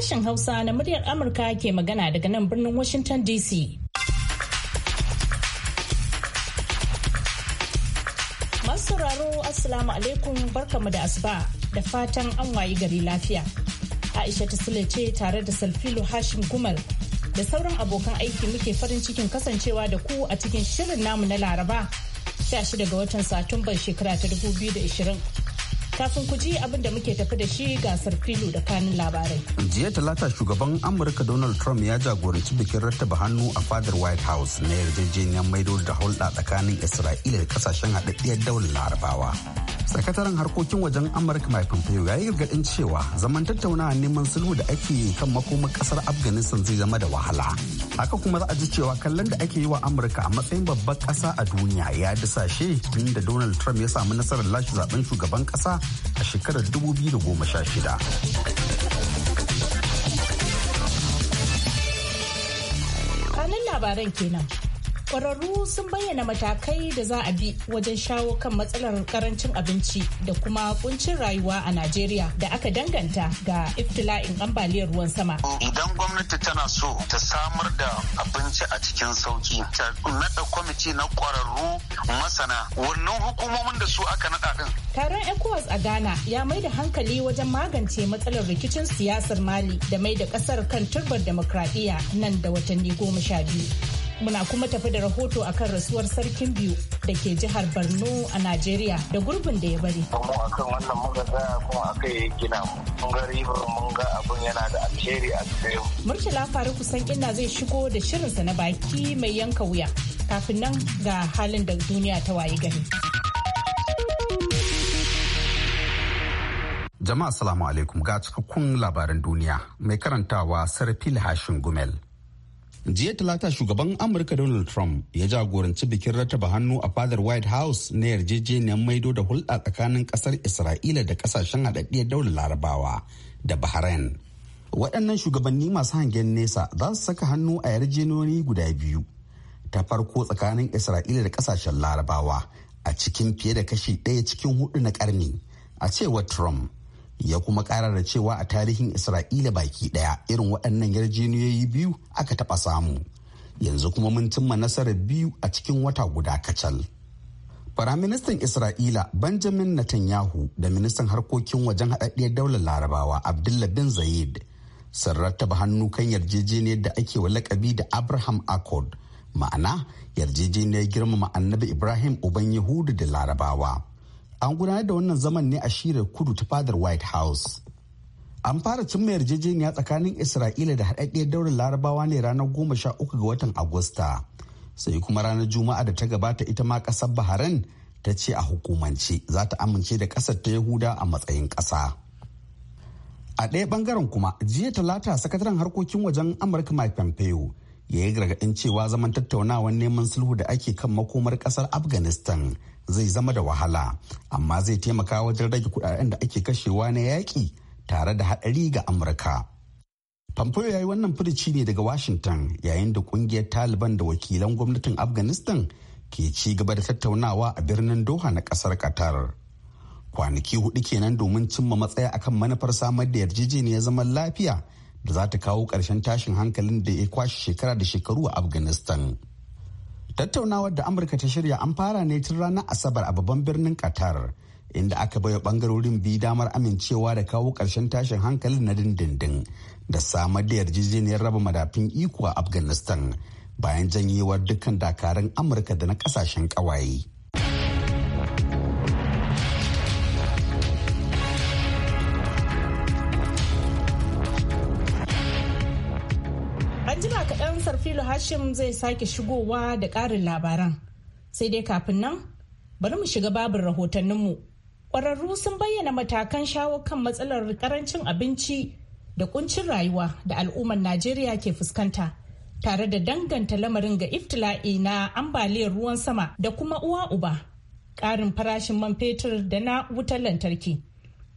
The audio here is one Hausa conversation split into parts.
sashen Hausa na muryar Amurka ke magana daga nan birnin Washington DC. Masu sauraro Assalamu alaikum barkamu da asuba da fatan an wayi gari lafiya. Aisha ta ce tare da Salfilo Hashim Gumal da sauran abokan aiki muke farin cikin kasancewa da ku a cikin shirin namu na Laraba 16 ga watan Satumbar shekara ta 2020. Kafin ku ji abin da muke tafi da shi gasar filo da kanin labarai. Jiya talata shugaban Amurka Donald Trump ya jagoranci bikin rattaba hannu a fadar White House na yarjejeniyar maido da hulɗa tsakanin Isra'ila da kasashen haɗaɗɗiyar daular larabawa. sakataren harkokin wajen amurka mai pompeo ya yi gargaɗin cewa zaman tattaunawa neman sulhu da ake yi kan makomar kasar afghanistan zai zama da wahala haka kuma za a ji cewa kallon da ake yi wa amurka a matsayin babbar ƙasa a duniya ya dasashe tun da donald trump ya samu nasarar lashe zaben shugaban ƙasa a shekarar dubu biyu da goma sha shida. 2016 labaran kenan. Kwararru sun bayyana matakai da za a bi wajen shawo kan matsalar karancin abinci da kuma kuncin rayuwa a Najeriya da aka danganta ga iftila'in ambaliyar ruwan sama. Idan gwamnati tana so ta samar da abinci a cikin sauki, ta naɗa kwamiti na ƙwararru masana wannan hukumomin da su aka nada din. Taron ECOWAS a Ghana ya mai da hankali wajen magance matsalar rikicin siyasar Mali da mai da ƙasar kan turbar demokradiyya nan da watanni goma sha biyu. Muna kuma tafi da rahoto akan rasuwar sarkin biyu da ke jihar Borno a Najeriya da gurbin da ya bari. Mu akan wannan muka kuma aka yi gina mun ga ribar mun ga abun yana da alheri a tsaye. Murtala Faruku zai shigo da shirinsa na baki mai yanka wuya. Kafin nan ga halin da duniya ta waye gari. Jama'a salamu alaikum ga cikakkun labaran duniya mai karantawa Sarfil Hashin Gumel. jiya talata shugaban amurka donald trump ya jagoranci bikin rattaba hannu a fadar white house na yarjejeniyar maido da hulɗa tsakanin ƙasar isra'ila da ƙasashen haɗaɗɗiyar daular larabawa da bahrain waɗannan shugabanni masu hangen nesa za su saka hannu a yarjejeniyoyi guda biyu ta farko tsakanin isra'ila da ƙasashen larabawa a cikin fiye da kashi ɗaya cikin hudu na ƙarni a cewar trump ya kuma kara da cewa a tarihin isra'ila baki daya irin waɗannan yarjejeniyoyi biyu aka taɓa samu yanzu kuma mun cimma nasarar biyu a cikin wata guda kacal Firaministan Isra'ila Benjamin Netanyahu da ministan harkokin wajen haɗaɗɗiyar daular larabawa Abdullah bin Zayed sun rattaba hannu kan yarjejeniyar da ake wa lakabi da Abraham Accord ma'ana yarjejeniyar girmama annabi Ibrahim uban Yahudu da larabawa. an gudanar da wannan zaman ne a shirar kudu ta fadar white house an fara cimma yarjejeniya tsakanin isra'ila da haɗaɗɗiyar daular larabawa ne ranar goma sha uku ga watan agusta sai kuma ranar juma'a da ta gabata ita ma ƙasar bahrain ta ce a hukumance za ta amince da ƙasar ta yahuda a matsayin ƙasa a ɗaya ɓangaren kuma jiya talata sakataren harkokin wajen amurka mike pompeo ya yi gargaɗin cewa zaman tattaunawar neman sulhu da ake kan makomar ƙasar afghanistan zai zama da wahala amma zai taimaka wajen rage kudaden da ake kashewa na yaƙi tare da haɗari ga amurka pompeo ya yi wannan firici ne daga washington yayin da ƙungiyar taliban da wakilan gwamnatin afghanistan ke ci gaba da tattaunawa a birnin doha na ƙasar qatar kwanaki hudu kenan domin cimma matsaya akan manufar samar da yarjejeniyar zaman lafiya da za ta kawo ƙarshen tashin hankalin da ya kwashe shekara da shekaru a afghanistan tattaunawar da amurka ta shirya an fara ne tun ranar asabar a babban birnin qatar inda aka baiwa bangarorin biyu damar amincewa da kawo ƙarshen tashin hankalin na dindindin da samar da yarjejeniyar raba madafin iko a afghanistan bayan janyewar dukkan dakarun amurka da na kasashen ƙawaye Nisar filo Hashim zai sake shigowa da ƙarin labaran. Sai dai kafin nan, bari mu shiga babin rahotanninmu. Ƙwararru sun bayyana matakan shawo kan matsalar ƙarancin abinci da kuncin rayuwa da al'ummar Najeriya ke fuskanta. Tare da danganta lamarin ga iftila'i na ambaliyar ruwan sama da kuma uwa uba. Ƙarin farashin man fetur da na wutar lantarki.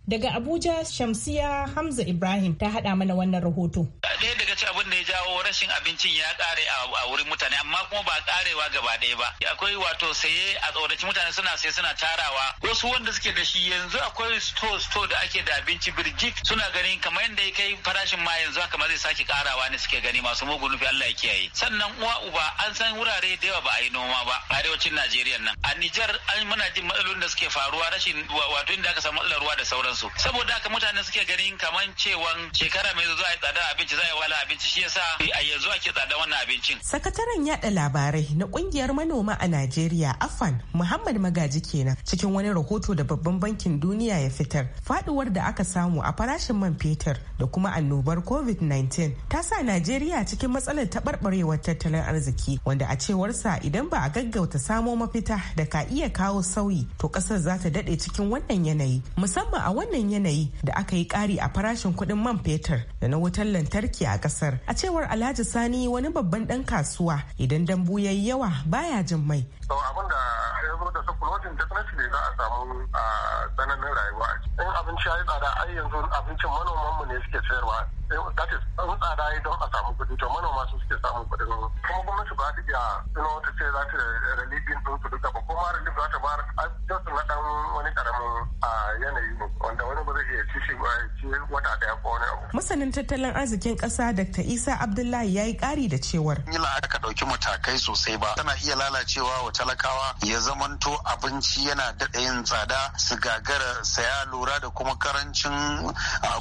Daga Abuja Shamsiya Hamza Ibrahim ta haɗa mana wannan rahoto. Ɗaya daga ci abin da ya jawo rashin abincin ya kare a wurin mutane amma kuma ba karewa gaba ɗaya ba. Akwai wato saye a tsoraci mutane suna saye suna tarawa. Wasu wanda suke da shi yanzu akwai store store da ake da abinci birgit suna ganin kamar yadda ya kai farashin ma yanzu haka ma zai sake ƙarawa ne suke gani masu mugun nufi Allah ya kiyaye. Sannan uwa uba an san wurare da yawa ba a yi noma ba arewacin Najeriya nan. A Nijar an muna jin matsalolin da suke faruwa rashin wato inda aka samu matsalar ruwa da sauransu. su saboda haka mutane suke ganin kaman cewa shekara mai zuwa tsada abinci zai wala abinci shi yasa a yanzu ake tsada wannan abincin sakataren yada labarai na kungiyar manoma a Najeriya Afan Muhammad Magaji kenan cikin wani rahoto da babban bankin duniya ya fitar faduwar da aka samu a farashin man fetur da kuma annobar covid-19 ta sa najeriya cikin matsalar taɓarɓarewar tattalin arziki wanda a cewarsa idan ba a gaggauta samo mafita da ka iya kawo sauyi to ƙasar za ta daɗe cikin wannan yanayi musamman a wannan yanayi da aka yi kari a farashin kuɗin man fetur da na wutar lantarki a ƙasar. A cewar Alhaji Sani wani babban ɗan kasuwa idan dambu ya yi yawa baya jin mai. abin da ya zo da sakulojin definitely ne za a samu a tsananin rayuwa in abinci ya yi tsada ai yanzu abincin manomanmu ne suke sayarwa eh, that is in tsada ya don a samu kuɗi to manoma su suke samun kuɗin kuma gwamnati ba ta iya suna wata ce za ta relieving ɗin su duka ba kuma relief za ta bayar just na ɗan wani ƙaramin yanayi ne wanda wani ba zai iya ci shi ba ce wata daya ko wani abu. Masanin tattalin arzikin ƙasa Dr. Isa Abdullahi ya yi ƙari da cewar. Ila aka ɗauki matakai sosai ba tana iya lalacewa wa talakawa ya zamanto abinci yana daɗa yin tsada su gagara saya lura da kuma karancin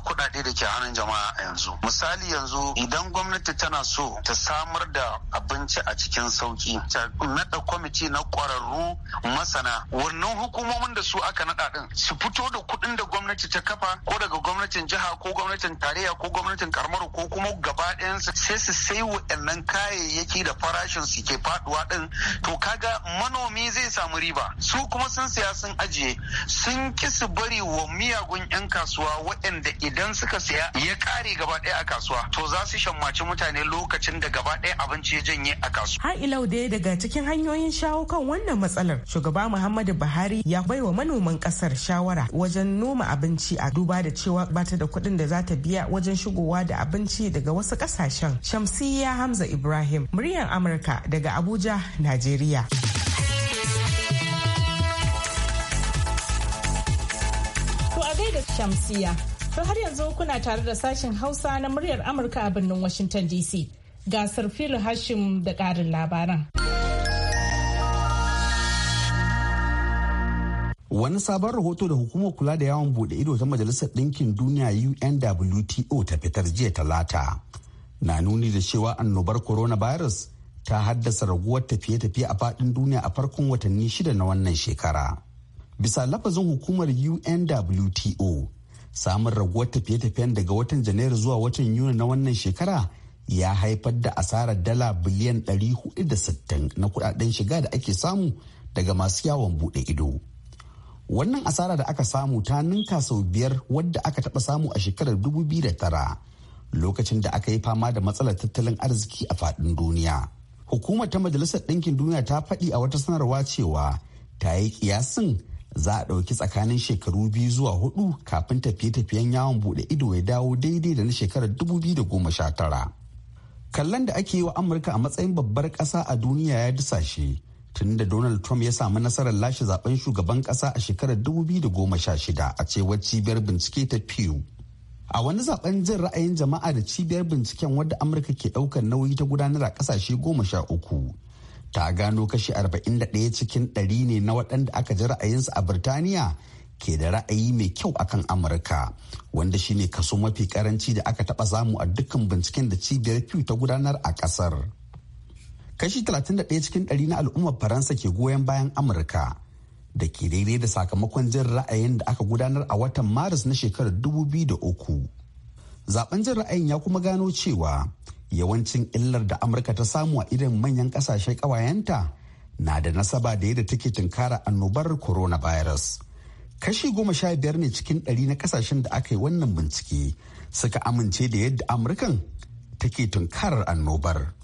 kuɗaɗe da ke hannun jama'a yanzu. Misali yanzu idan gwamnati tana so ta samar da abinci a cikin sauki ta naɗa kwamiti na ƙwararru masana wannan hukumomin da su aka naɗa ɗin su fito da kuɗin da gwamnati gwamnati ta kafa ko daga gwamnatin jiha ko gwamnatin tarayya ko gwamnatin karamar ko kuma gaba ɗayansa sai su sai wa'annan kayayyaki da farashin su ke faduwa din to kaga manomi zai samu riba su kuma sun siya sun ajiye sun ki su bari wa miyagun 'yan kasuwa waɗanda idan suka siya ya kare gaba ɗaya a kasuwa to za su shammaci mutane lokacin da gaba ɗaya abinci ya janye a kasuwa. Har ilau da daga cikin hanyoyin shawo kan wannan matsalar shugaba Muhammadu Buhari ya bai wa manoman kasar shawara wajen noma abinci a duba da cewa bata da kuɗin da za ta biya wajen shigowa da abinci daga wasu ƙasashen. Shamsiyya Hamza Ibrahim, muryar Amurka daga Abuja, Najeriya. To a gaida Shamsiya, to har yanzu kuna tare da sashen Hausa na muryar Amurka a birnin Washington DC. Gasar filin Hashim da ƙarin labaran. wani sabon rahoto da hukumar kula da yawon bude ido ta majalisar ɗinkin duniya unwto ta fitar jiya talata na nuni da cewa annobar coronavirus ta haddasa raguwar tafiye-tafiye a faɗin duniya a farkon watanni shida na wannan shekara bisa lafazin hukumar unwto samun raguwar tafiye-tafiyen daga watan janairu zuwa watan yuni na wannan shekara ya haifar da asarar dala biliyan 460 na kudaden shiga da ake samu daga masu yawon bude ido. wannan asara da aka samu ta ninka sau biyar wadda aka taɓa samu a shekarar 2009 lokacin da aka yi fama da matsalar tattalin arziki a faɗin duniya hukumar ta majalisar ɗinkin duniya ta faɗi a wata sanarwa cewa ta yi kiyasin za a ɗauki tsakanin shekaru biyu zuwa hudu kafin tafiye-tafiyen yawon buɗe ido ya dawo daidai da na shekarar da sha tara. kallon da ake yi wa amurka a matsayin babbar ƙasa a duniya ya dusashe tun da Donald Trump ya samu nasarar lashe zaben shugaban kasa a shekarar 2016 a cewar cibiyar bincike ta Pew. A wani zaben jin ra'ayin jama'a da cibiyar binciken wadda Amurka ke ɗaukar nauyi ta gudanar a kasashe goma sha uku. Ta gano kashi 41 cikin 100 ne na waɗanda aka ji ra'ayinsu a Birtaniya ke da ra'ayi mai kyau akan Amurka wanda shine kaso mafi karanci da aka taɓa samu a dukkan binciken da cibiyar Pew ta gudanar a ƙasar. kashi 31 cikin 100 na al'ummar faransa ke goyon bayan amurka da ke daidai da sakamakon jin ra'ayin da aka gudanar a watan maris na shekarar 2003 zaben jin ra'ayin ya kuma gano cewa yawancin illar da amurka ta samu a irin manyan kasashe kawayenta na da nasaba da yadda take tunkara annobar coronavirus kashi goma sha biyar ne cikin ɗari na kasashen da aka yi wannan bincike suka amince da yadda amurkan take tunkarar annobar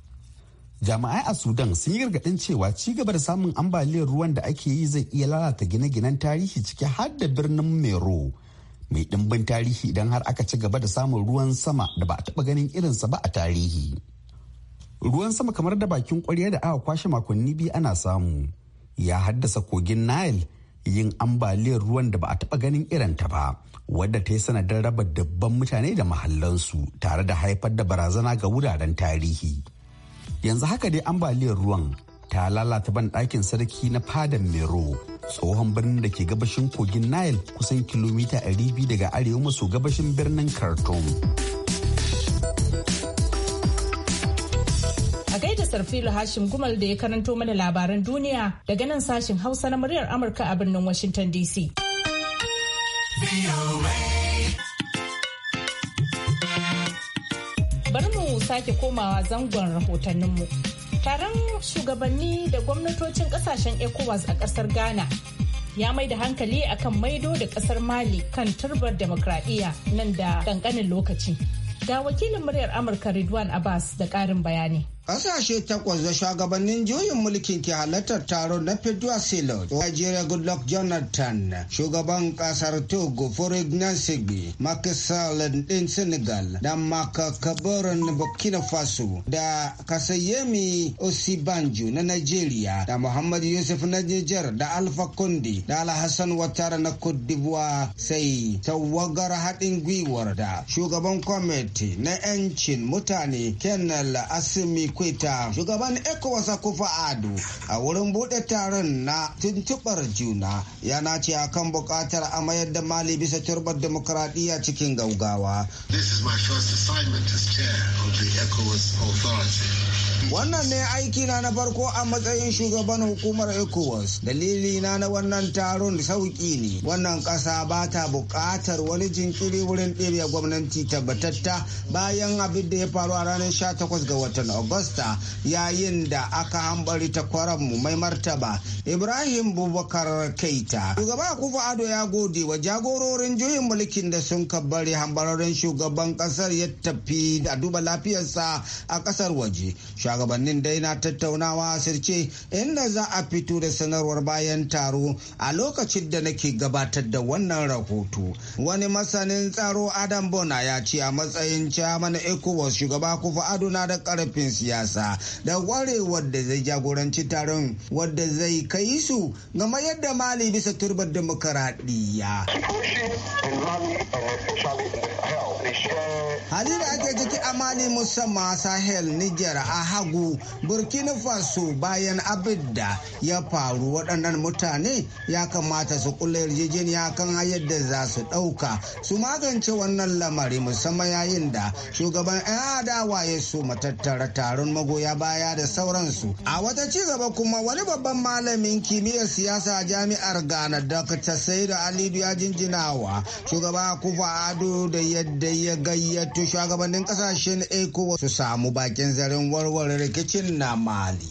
jami'ai a sudan sun yi gargaɗin cewa ci gaba da samun ambaliyar ruwan da ake yi zai iya lalata gine-ginen tarihi ciki har da birnin mero mai ɗimbin tarihi idan har aka ci gaba da samun ruwan sama da ba a taɓa ganin irinsa ba a tarihi ruwan sama kamar da bakin kwarya da aka kwashe makonni biyu ana samu ya haddasa kogin nile yin ambaliyar ruwan da ba a taɓa ganin irin ta ba wadda ta yi sanadin raba dabban mutane da mahallansu tare da haifar da barazana ga wuraren tarihi yanzu haka dai ambaliyar ruwan ta lalata ban ɗakin sarki na fadan mero tsohon birnin da ke gabashin kogin nile kusan kilomita 200 daga arewa maso gabashin birnin khartoum a gaida sarfilu hashim gumal da ya karanto mana labaran duniya daga nan sashin hausa na muryar amurka a birnin washington dc sake komawa zangon rahotanninmu. Taron shugabanni da gwamnatocin kasashen ECOWAS a kasar Ghana ya mai da hankali akan maido da kasar Mali kan turbar demokradiyya nan da kankanin lokaci. Ga wakilin muryar Amurka Ridwan Abbas da ƙarin bayani. Ƙasashe takwas da shugabannin juyin mulkin ke halartar taron na Pedro Silo, Nigeria Goodluck Jonathan, shugaban ƙasar Togo Forig Nansegbe, Makisal ɗin Senegal, da Mark Kaborin Burkina Faso, da Kasayemi Osibanjo na Nigeria, da Muhammad Yusuf na Niger, da Alpha Kondi. da Alhassan Watara na Cote d'Ivoire, sai tawagar haɗin gwiwar da shugaban kwamiti na 'yancin mutane Kenal Asimi kweta shugaban ecowas kufa ado a wurin buɗe taron na tuntuɓar juna ya nace akan buƙatar a mayar da mali bisa turbar demokradiyya cikin gaugawa. This is my first assignment as chair of the ECOWAS authority. Wannan ne aiki na na farko a matsayin shugaban hukumar ECOWAS. Dalili na na wannan taron sauki ne. Wannan ƙasa ba ta buƙatar wani jinkiri wurin ɗirya gwamnati tabbatatta bayan abin da ya faru a ranar 18 ga watan Agusta yayin da aka hambari mu mai martaba Ibrahim Bubakar Keita. Shugaba Kufa Ado ya gode wa jagororin juyin mulkin da sun kabbari hambararren shugaban ƙasar ya tafi da duba lafiyarsa a ƙasar waje. Shugabannin dai na tattaunawa sirce inda za a fito da sanarwar bayan taro a lokacin da nake gabatar da wannan rahoto. Wani masanin tsaro Adam Bona ya ce a matsayin caman ECOWAS shugaba kufa aduna da karfin siyasa da ware da zai jagoranci taron wadda zai kai su game yadda mali bisa turbar demokaradiyya. Hali da ake ciki a mali musamman sahel Niger a Tobago, Burkina Faso bayan abinda ya faru waɗannan mutane ya kamata su kula yarjejeniya kan hayar za su ɗauka su magance wannan lamari musamman yayin da shugaban 'yan adawa ya su matattara taron magoya baya da sauransu. A wata ci gaba kuma wani babban malamin kimiyyar siyasa a jami'ar Ghana Dr. Saidu Alidu ya jinjinawa shugaba Kufa Ado da yadda ya gayyato shugabannin kasashen ECOWAS su samu bakin zarin warware na mali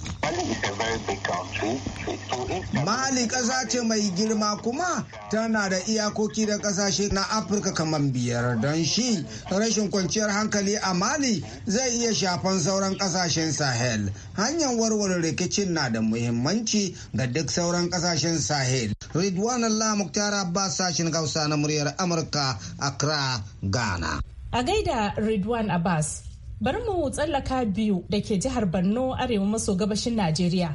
mali ƙasa ce mai girma kuma tana da iyakoki da ƙasashe na afirka kamar biyar don shi rashin kwanciyar hankali a mali zai iya shafan sauran ƙasashen sahel hanyar warware rikicin na da muhimmanci ga duk sauran ƙasashen sahel ridwan allah muktar abbas sashen gausa na muryar amurka accra ghana a gaida ridwan abbas bari mu tsallaka biyu da ke jihar borno arewa maso gabashin najeriya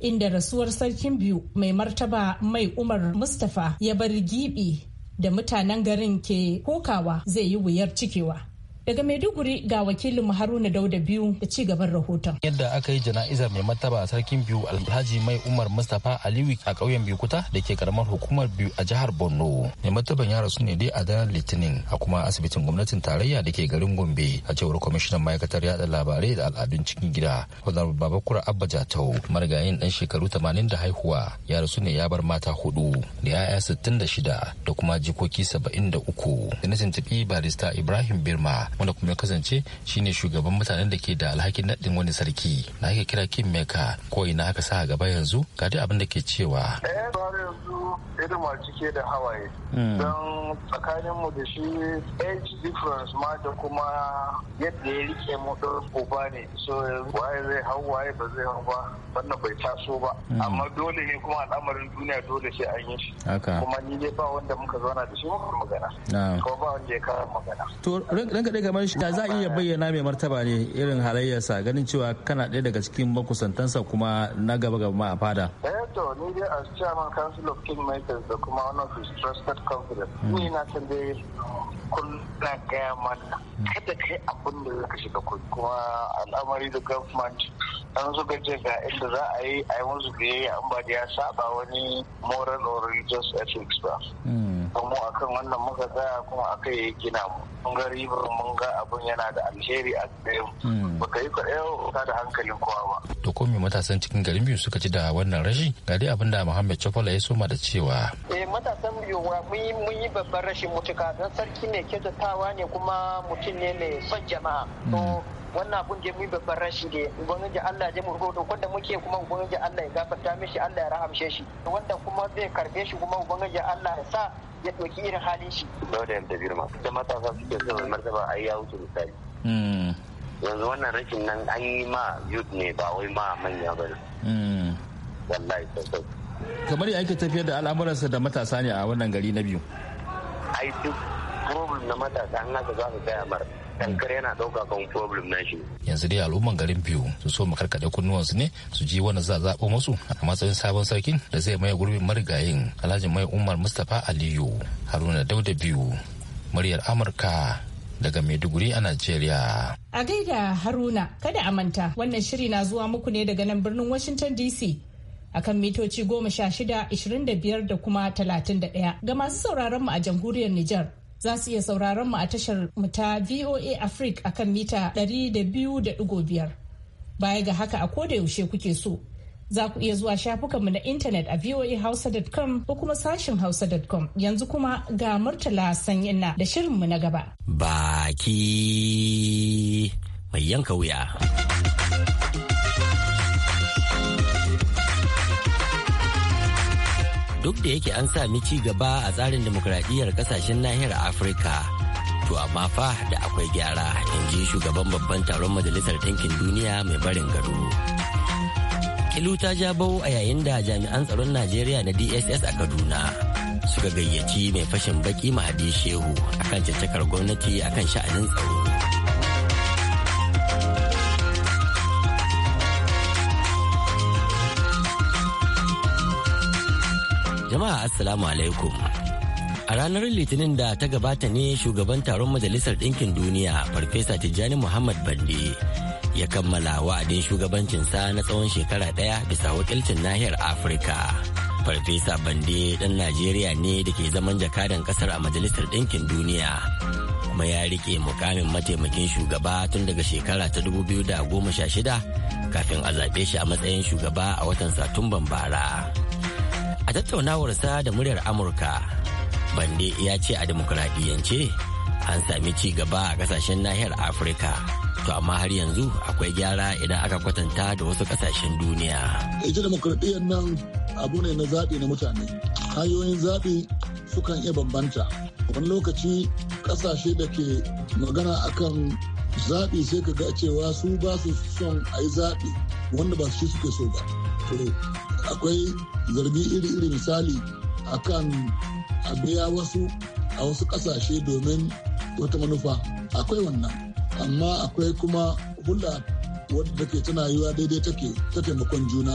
inda rasuwar sarkin biyu mai martaba mai umar mustapha ya bar gibi da mutanen garin ke kokawa zai yi wuyar cikewa Daga Maiduguri ga wakilin Haruna Dauda biyu da ci gaban rahoton. Yadda aka yi jana'izar mai martaba sarkin biyu Alhaji Mai Umar Mustapha aliwi a ƙauyen Bikuta da ke karamar hukumar biyu a jihar Borno. Mai martaban ya rasu ne dai a daren Litinin a kuma asibitin gwamnatin tarayya da ke garin Gombe a cewar kwamishinan ma'aikatar yada labarai da al'adun cikin gida. Honorable Babakura Abba Jatau marigayin dan shekaru 80 da haihuwa ya rasu ne ya bar mata hudu da 'ya'ya 66 da kuma jikoki 73. Da na tuntuɓi barista Ibrahim Birma wanda kuma ya kasance shine shugaban mutanen da ke da alhakin naɗin wani sarki na ake kira kin meka ko ina haka sa gaba yanzu ga duk abin da ke cewa. Eh, girma cike da hawaye hmm. don tsakaninmu da shi age difference ma da kuma yadda ya rike mu ɗin uba ne so waye zai hau waye ba zai hau ba wannan bai taso ba hmm. amma dole ne kuma al'amarin duniya dole sai an yi shi kuma ni dai ba wanda muka zauna da shi muka magana Ko ba wanda ya kawo magana to ranka dai kamar shi da za a iya bayyana mai martaba ne irin halayyarsa ganin cewa kana ɗaya daga cikin makusantansa kuma na gaba gaba ma a fada eh to ni dai as chairman council of kingmakers da kuma one of his trusted confidence hmm. ni na san dai kun na gaya mana kada kai abin da zaka shiga kuɗi kuma al'amari da government an zo gaje ga inda za a yi a yi musu yi an ba da ya saba wani moral or religious ethics ba. Hmm. da mu kan wannan muka tsaya kuma aka yi gina mu mun ga ribar mun ga abun yana da alheri a tsaye hmm. ba ka yi kwaɗaya ka da hankalin kowa ba. to ko matasan cikin garin biyu suka ci da wannan rashi ga dai abin da muhammad chokola ya soma da cewa. eh matasan biyu wa mun yi babban rashin mutuka don sarki mai kyautatawa ne kuma mutum ne mai son jama'a. Hmm. wannan abun da mu babban rashi ne ubangiji Allah ya murgo da muke kuma ubangiji Allah ya gafarta mishi Allah ya rahamshe shi wanda kuma zai karbe shi kuma ubangiji Allah ya sa ya ɗauki irin halin shi. Dauda yadda girma da matasa suke so mai a yi ya wuce misali. Hmm. Yanzu wannan rashin nan an yi ma youth ne ba wai ma manya ba ne. Hmm. Wallahi sosai. Kamar ya ake tafiyar da al'amuransa da matasa ne a wannan gari na biyu. Ai duk problem na matasa an haka za su gaya mara. dankar yana ɗauka kan problem na shi. yanzu dai al'umman garin biyu su so makarkaɗe kunnuwansu ne su ji wani za zaɓo musu a matsayin sabon sarkin da zai maye gurbin marigayin alhaji mai umar mustapha aliyu haruna dauda biyu muryar amurka daga Maiduguri a Najeriya. A gaida Haruna, kada a manta wannan shiri na zuwa muku ne daga nan birnin Washington DC. akan mitoci goma sha shida, ishirin da biyar da kuma talatin da ɗaya. Ga masu sauraron mu a jamhuriyar Nijar, za su iya sauraron mu a tashar mu ta VOA Africa akan mita 200.5. Baya ga haka a koda yaushe kuke so. Za ku iya zuwa shafukanmu na intanet a voahausa.com ko kuma sashin hausa.com yanzu kuma ga murtala sanyina da shirinmu na gaba. Baki mai yanka wuya. duk da yake an sami ci gaba a tsarin demokradiyyar kasashen nahiyar afirka to amma fa da akwai gyara in ji shugaban babban taron majalisar ɗinkin duniya mai barin gado kilu ta jabo a yayin da jami'an tsaron najeriya na dss a kaduna suka gayyaci mai fashin baki mahadi shehu akan cancakar gwamnati akan sha'anin tsaro Jama'a Assalamu alaikum. A ranar Litinin da ta gabata ne shugaban taron Majalisar Ɗinkin Duniya Farfesa Tijjani Muhammad Bande ya kammala wa'adin shugabancinsa na tsawon shekara ɗaya bisa wakilcin nahiyar Afirka. Farfesa Bande ɗan Najeriya ne da ke zaman jakadan ƙasar a Majalisar Ɗinkin Duniya. Kuma ya rike mukamin mataimakin shugaba tun daga shekara ta da sha shida, kafin a zaɓe shi a matsayin shugaba a watan Satumban bara. a tattaunawar sa da muryar amurka bande ya ce a demokuraɗiyyance an sami ci gaba a ƙasashen nahiyar afirka to amma har yanzu akwai gyara idan aka kwatanta da wasu kasashen duniya ita demokuraɗiyyar nan abu ne na zaɓi na mutane hanyoyin zaɓi sukan iya bambanta wani lokaci ƙasashe da ke magana akan zaɓi sai ka ga cewa su ba su son a yi zaɓi wanda ba su suke so ba akwai zargi iri-iri misali akan a biya wasu a wasu kasashe domin wata manufa akwai wannan amma akwai kuma hulɗa wadda take tana yiwa daidai take ta taimakon juna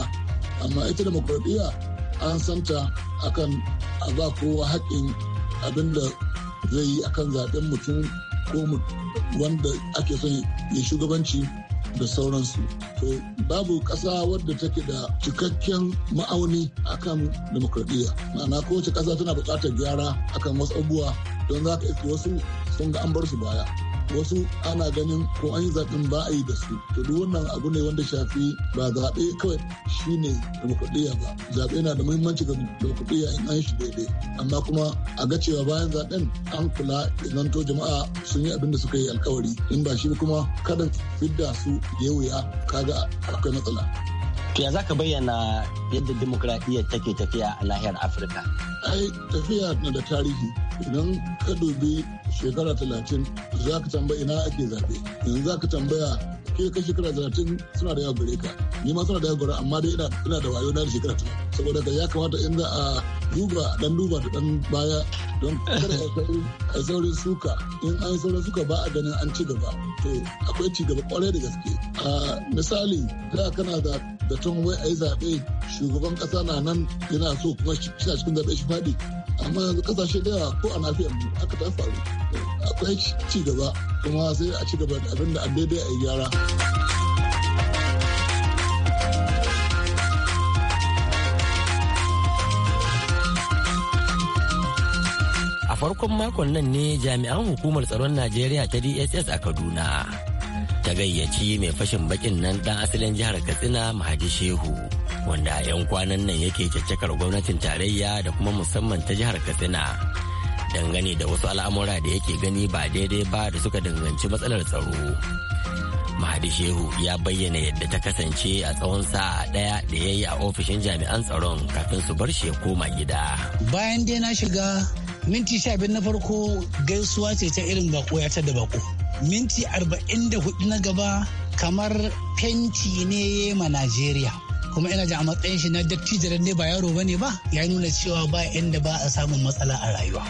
amma ita demokradiyya an santa akan a ba kowa haƙƙin abin da zai yi akan zaɓen mutum ko wanda ake son ya shugabanci da sauransu to babu ƙasa wadda take da cikakken ma'auni akan demokradiyya ma'ana kowace ƙasa tana buƙatar gyara akan wasu abubuwa don za ka iske wasu sun ga an bar su baya wasu ana ganin ko an yi zaɓen ba a yi da su to duk wannan abu ne wanda shafi ba zaɓe kawai shine demokradiyya ba zaɓe na da muhimmanci ga demokradiyya in an shi daidai amma kuma a ga cewa bayan zaɓen an kula idan to jama'a sun yi abin da suka yi alkawari in ba shi kuma kada fidda su ya wuya kaga akwai matsala. ya za ka bayyana yadda demokradiyya take tafiya a nahiyar Afirka? Ai tafiya na da tarihi idan ka dubi shekara talatin za ka tambaya ina ake zaɓe yanzu za ka tambaya ke kai shekara talatin suna da yawa gare ka ni ma suna da yawa gare amma dai ina da wayo na da shekara talatin saboda ka ya kamata in za a duba dan duba da dan baya don kada a saurin suka in an saurin suka ba a ganin an ci gaba to akwai ci gaba kwarai da gaske a misali da kana da da tun wai a yi zaɓe shugaban ƙasa na nan yana so kuma shi cikin zaɓe shi faɗi amma yanzu ƙasashe da yawa ko a nafiya mu aka ta faru akwai ci gaba kuma sai a ci gaba da abin da a daidai a yi gyara. farkon makon nan ne jami'an hukumar tsaron najeriya ta dss a kaduna ta gayyaci mai fashin bakin nan dan asalin jihar katsina mahadi shehu wanda a 'yan kwanan nan yake caccakar gwamnatin tarayya da kuma musamman ta jihar katsina dangane da wasu al'amura da yake gani ba daidai ba da suka danganci matsalar tsaro mahadi shehu ya bayyana yadda ta kasance a tsawon sa'a ɗaya da ya yi a ofishin jami'an tsaron kafin su bar shi ya koma gida bayan dai na shiga minti sha na farko gaisuwa ce ta irin bako ya ta da bako minti arba'in da hudu na gaba kamar fenti ne ma Najeriya. kuma ina ji a matsayin shi na dattijo da ne ba yaro ba ne ba ya nuna cewa ba inda ba a samun matsala a rayuwa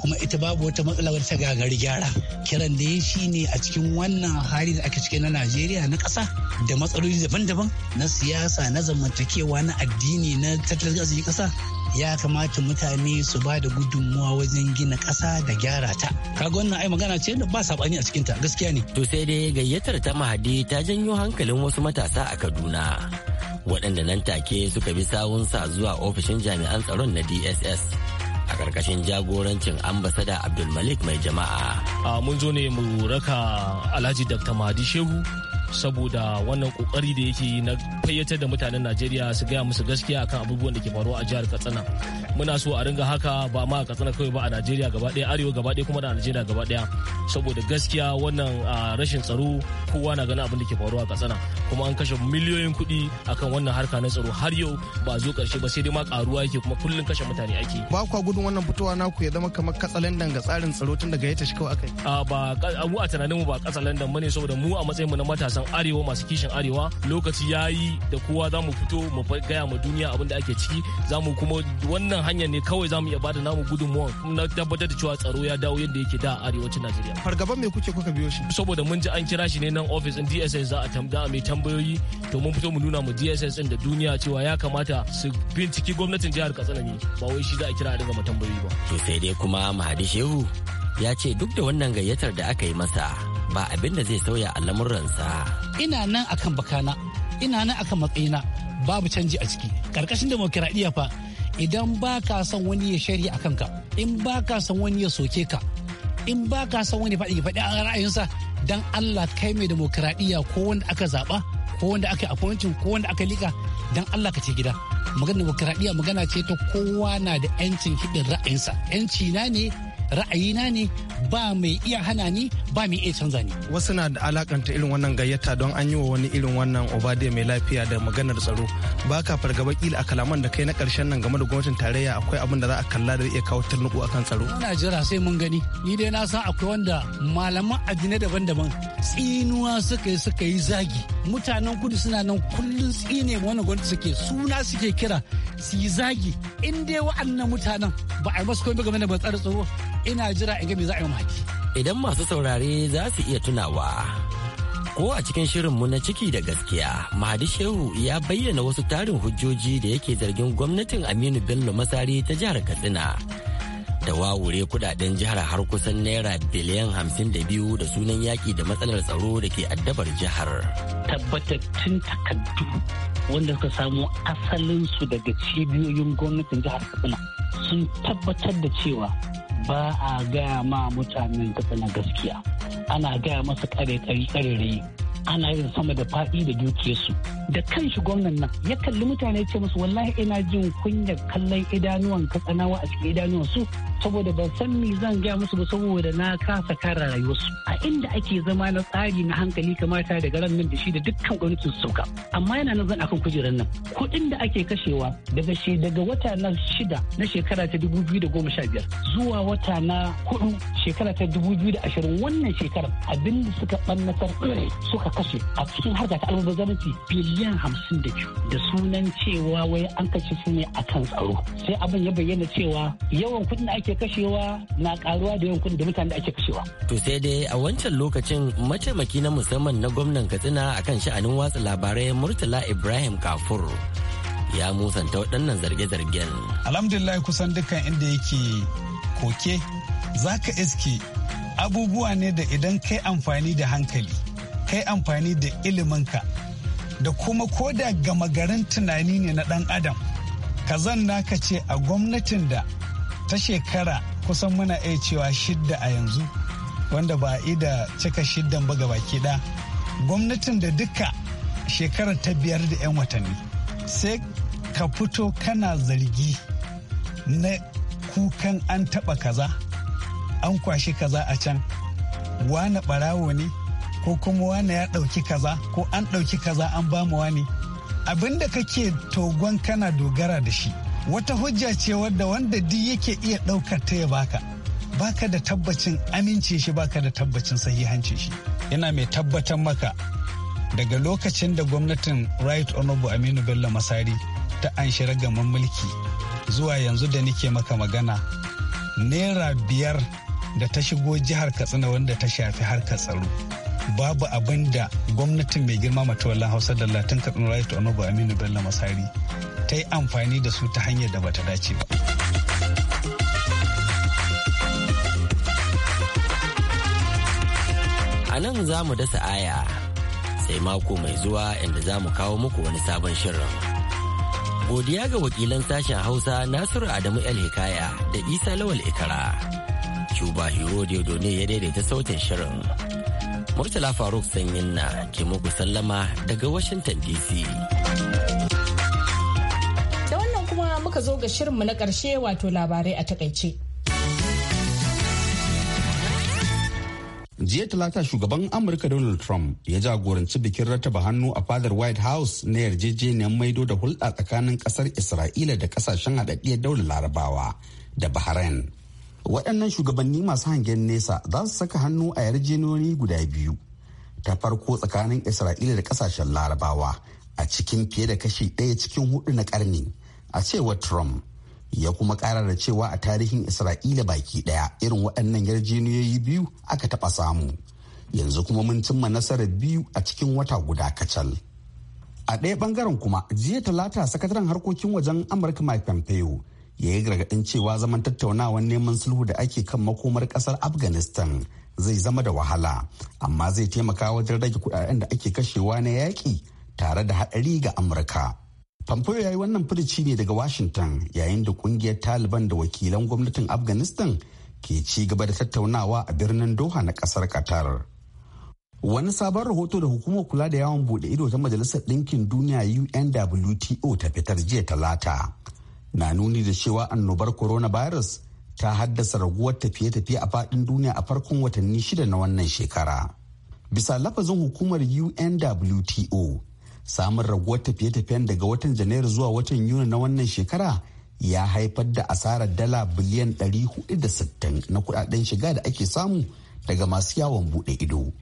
kuma ita babu wata matsala wata ta gagari gyara kiran da ya shi ne a cikin wannan hali da aka cike na najeriya na ƙasa da matsaloli daban-daban na siyasa na zamantakewa na addini na tattalin arziki ƙasa ya kamata mutane su ba da gudunmuwa wajen gina ƙasa da gyara ta kaga wannan ai magana ce ba saɓani a cikinta gaskiya ne to sai dai gayyatar ta mahadi ta janyo hankalin wasu matasa a kaduna waɗanda nan take suka bi sawun sa zuwa ofishin jami'an tsaron na dss a ƙarƙashin jagorancin ambasada abdulmalik mai jama'a. mun zo ne mu raka alhaji dr mahadi shehu saboda wannan kokari da yake yi na fayyatar da mutanen najeriya su gaya musu gaskiya akan abubuwan da ke faruwa a jihar katsina muna so a ringa haka ba ma a katsina kawai ba a najeriya gaba daya arewa gaba daya kuma da najeriya gaba daya saboda gaskiya wannan rashin tsaro kowa na ganin abin da ke faruwa a katsina kuma an kashe miliyoyin kuɗi akan wannan harka na tsaro har yau ba zo karshe ba sai dai ma karuwa yake kuma kullun kashe mutane ake ba kwa gudun wannan fitowa ku ya zama kamar katsalandan ga tsarin tsaro tun daga ya tashi kawai akai a ba a tunanin mu ba katsalandan bane saboda mu a matsayin mu na matasa matasan arewa masu kishin arewa lokaci ya yi da kowa za mu fito mu gaya ma duniya abin da ake ciki za mu kuma wannan hanyar ne kawai za mu iya bada namu gudunmuwan na tabbatar da cewa tsaro ya dawo yadda yake da arewacin najeriya fargaban me kuke kuka biyo shi saboda mun ji an kira shi ne nan office din dss za a tambaya mai tambayoyi to mun fito mu nuna mu dss din da duniya cewa ya kamata su binciki gwamnatin jihar katsina ne ba wai shi za a kira a dinga mu tambayoyi ba to sai dai kuma mahadi shehu ya ce duk da wannan gayyatar da aka yi masa ba abin da zai sauya a lamuransa. Ina nan akan bakana, ina nan akan matsayina babu canji a ciki. Karkashin demokiraɗiyya fa idan ba ka son wani ya shari a kanka, in ba ka son wani ya soke ka, in ba ka son wani faɗi faɗi a ra'ayinsa dan Allah kai mai demokiraɗiyya ko wanda aka zaɓa ko wanda aka appointing ko wanda aka lika dan Allah ka ce gida. Maganar demokiraɗiyya magana ce ta kowa na da 'yancin kiɗin ra'ayinsa. 'Yanci na ne ra'ayina ne ba mai iya hana ni ba mai iya canza ni. Wasu na da alakanta irin wannan gayyata don an yi wa wani irin wannan obade mai lafiya da maganar tsaro. Ba ka fargaba kila a kalaman da kai na karshen nan game da gwamnatin tarayya akwai abin da za a kalla da iya kawo turnuku akan tsaro. Ina jira sai mun gani. Ni dai na san akwai wanda malaman addinai daban-daban tsinuwa suka yi suka yi zagi. Mutanen kudu suna nan kullum tsine wani gwamnati suke suna suke kira su yi zagi. In dai wa'annan mutanen ba a yi masu game da matsar tsaro ina jira in ga me za a yi maki idan masu saurare za su iya tunawa ko a cikin shirinmu na ciki da gaskiya mahadi shehu ya bayyana wasu tarin hujjoji da yake zargin gwamnatin aminu bello masari ta jihar katsina da wawure kudaden jihar har kusan naira biliyan hamsin da biyu da sunan yaƙi da matsalar tsaro da ke addabar jihar tabbatattun takardu wanda suka samu asalinsu daga cibiyoyin gwamnatin jihar katsina sun tabbatar da cewa ba a gaya ma mutanen na gaskiya ana gaya masa kare kare ana yin sama da faɗi da dukiyarsu da kan shi gwamnan nan ya kalli mutane ce musu wallahi ina jin kunyar kallon idanuwan tsanawa a cikin idanuwan su saboda ban san me zan gaya musu ba saboda na kasa kara rayuwarsu a inda ake zama na tsari na hankali kamar ta daga ran nan da shi da dukkan gwamnatin sauka amma yana nan zan akan kujerar nan kuɗin da ake kashewa daga shi daga wata na shida na shekara ta dubu biyu da goma sha biyar zuwa wata na hudu shekara ta dubu biyu da ashirin wannan shekarar abin da suka ɓannatar suka kashe a cikin harka ta almubazzaranci biliyan hamsin da biyu da sunan cewa wai an kashe su ne a kan tsaro sai abin ya bayyana cewa yawan kuɗin da ake kashewa na karuwa da yawan kuɗin da mutanen da ake kashewa. to sai dai a wancan lokacin mataimaki na musamman na gwamnan katsina akan sha'anin watsa labarai murtala ibrahim kafur ya musanta waɗannan zarge-zargen. alhamdulillah kusan dukkan inda yake koke za ka iske abubuwa ne da idan kai amfani da hankali kai amfani da iliminka da kuma ko da gama garin tunani ne na ɗan adam ka zanna ka ce a gwamnatin da ta shekara kusan muna iya cewa shidda a yanzu wanda ba a ida cika shiddan ba ga baki ɗaya gwamnatin da duka shekarar ta biyar da 'yan watanni sai ka fito kana zargi na kukan an taɓa kaza an kwashi kaza a can wane ɓarawo ne ko kuma wani ya ɗauki kaza ko an ɗauki kaza an ba mu wani abin da kake togon kana dogara da shi wata hujja ce wadda wanda duk yake iya ɗaukar ta ya baka baka da tabbacin amince shi baka da tabbacin sahihanci shi yana mai tabbatar maka daga lokacin da gwamnatin right honorable aminu bello masari ta anshi ragaman mulki zuwa yanzu da nike maka magana naira biyar da ta shigo jihar katsina wanda ta shafi harkar tsaro babu abin da gwamnatin mai girma matawallan hausa da latin katsina rayu ta aminu bello masari ta yi amfani da su ta hanyar da bata dace ba a nan za mu dasa aya sai mako mai zuwa inda za mu kawo muku wani sabon shirin godiya ga wakilan sashen hausa nasiru adamu el hikaya da isa lawal ikara cuba hero ne ya daidaita sautin shirin Murtala Faruk Sanyin na ke muku sallama daga Washington DC. Da wannan kuma muka zo ga shirinmu na ƙarshe wato labarai a takaice. jiya talata shugaban amurka donald trump ya jagoranci bikin rataba hannu a fadar white house na yarjejeniyar maido da hulɗa tsakanin ƙasar isra'ila da ƙasashen haɗaɗɗiyar daular larabawa da bahrain waɗannan shugabanni masu hangen nesa za su saka hannu a yarjejeniyoyi guda biyu ta farko tsakanin isra'ila da kasashen larabawa a cikin fiye da kashi ɗaya cikin hudu na karni a cewar trump ya kuma ƙara da cewa a tarihin isra'ila baki ɗaya irin waɗannan yarjejeniyoyi biyu aka taɓa samu yanzu kuma mun cimma nasarar biyu a cikin wata guda kacal a ɗaya ɓangaren kuma jiya talata sakataren harkokin wajen amurka mike pompeo ya yi gargaɗin cewa zaman tattaunawar neman sulhu da ake kan makomar ƙasar afghanistan zai zama da wahala amma zai taimaka wajen rage kudaden da ake kashewa na yaƙi tare da haɗari ga amurka pompeo ya yi wannan firici ne daga washington yayin da ƙungiyar taliban da wakilan gwamnatin afghanistan ke ci gaba da tattaunawa a birnin doha na ƙasar qatar wani sabon rahoto da hukumar kula da yawon bude ido ta majalisar ɗinkin duniya unwto ta fitar jiya talata na nuni da cewa annobar coronavirus ta haddasa raguwar tafiye-tafiye a faɗin duniya a farkon watanni shida na wannan shekara. Bisa lafazin hukumar UNWTO, samun raguwar tafiye-tafiyen daga watan Janairu zuwa watan Yuni na wannan shekara ya haifar da asarar dala biliyan 460 na kudaden shiga da ake samu daga masu yawon buɗe ido.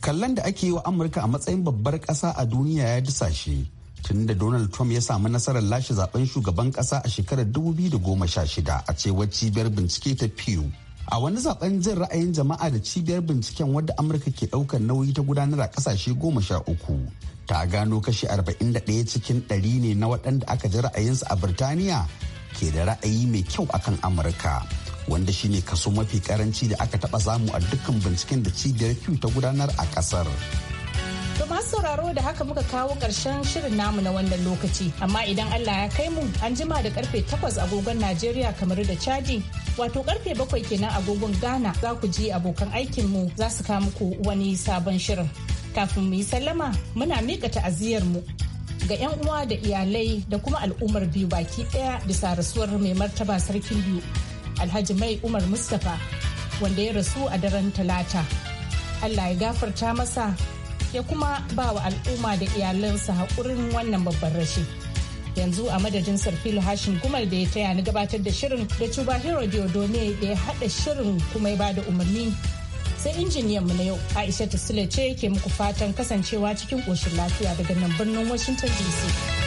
Kallon da ake yi wa Amurka a matsayin babbar ƙasa a duniya ya dusashe tun da donald trump ya samu nasarar lashe zaben shugaban kasa a shekarar 2016 a cewar cibiyar bincike ta pew a wani zaben jin ra'ayin jama'a da cibiyar binciken wadda amurka ke daukar nauyi ta gudanar a kasashe goma sha uku ta gano kashi 41 cikin 100 ne na waɗanda aka ji ra'ayinsu a birtaniya ke da ra'ayi mai kyau akan amurka wanda shine kaso mafi karanci da aka taba samu a dukkan binciken da cibiyar pew ta gudanar a kasar. To masu sauraro da haka muka kawo ƙarshen shirin namu na wannan lokaci. Amma idan Allah ya kai mu an jima da karfe takwas agogon Najeriya kamar da Chadi wato karfe bakwai kenan agogon Ghana za ku ji abokan aikin mu za su kawo muku wani sabon shirin. Kafin mu yi sallama muna miƙa ta'aziyar mu ga 'yan uwa da iyalai da kuma al'ummar biyu baki ɗaya bisa rasuwar mai martaba sarkin biyu alhaji mai umar mustapha wanda ya rasu a daren talata allah ya gafarta masa ya kuma ba wa al'umma da iyalansa haƙurin wannan babban rashi. Yanzu a madadin Sarfilu Hashim Gumal da ya taya ni gabatar da shirin da Cuba Hero Diodone da ya haɗa shirin kuma ya bada umarni. Sai injiniyan mu na yau Aisha Sule ce ke muku fatan kasancewa cikin ƙoshin lafiya daga nan birnin Washington DC.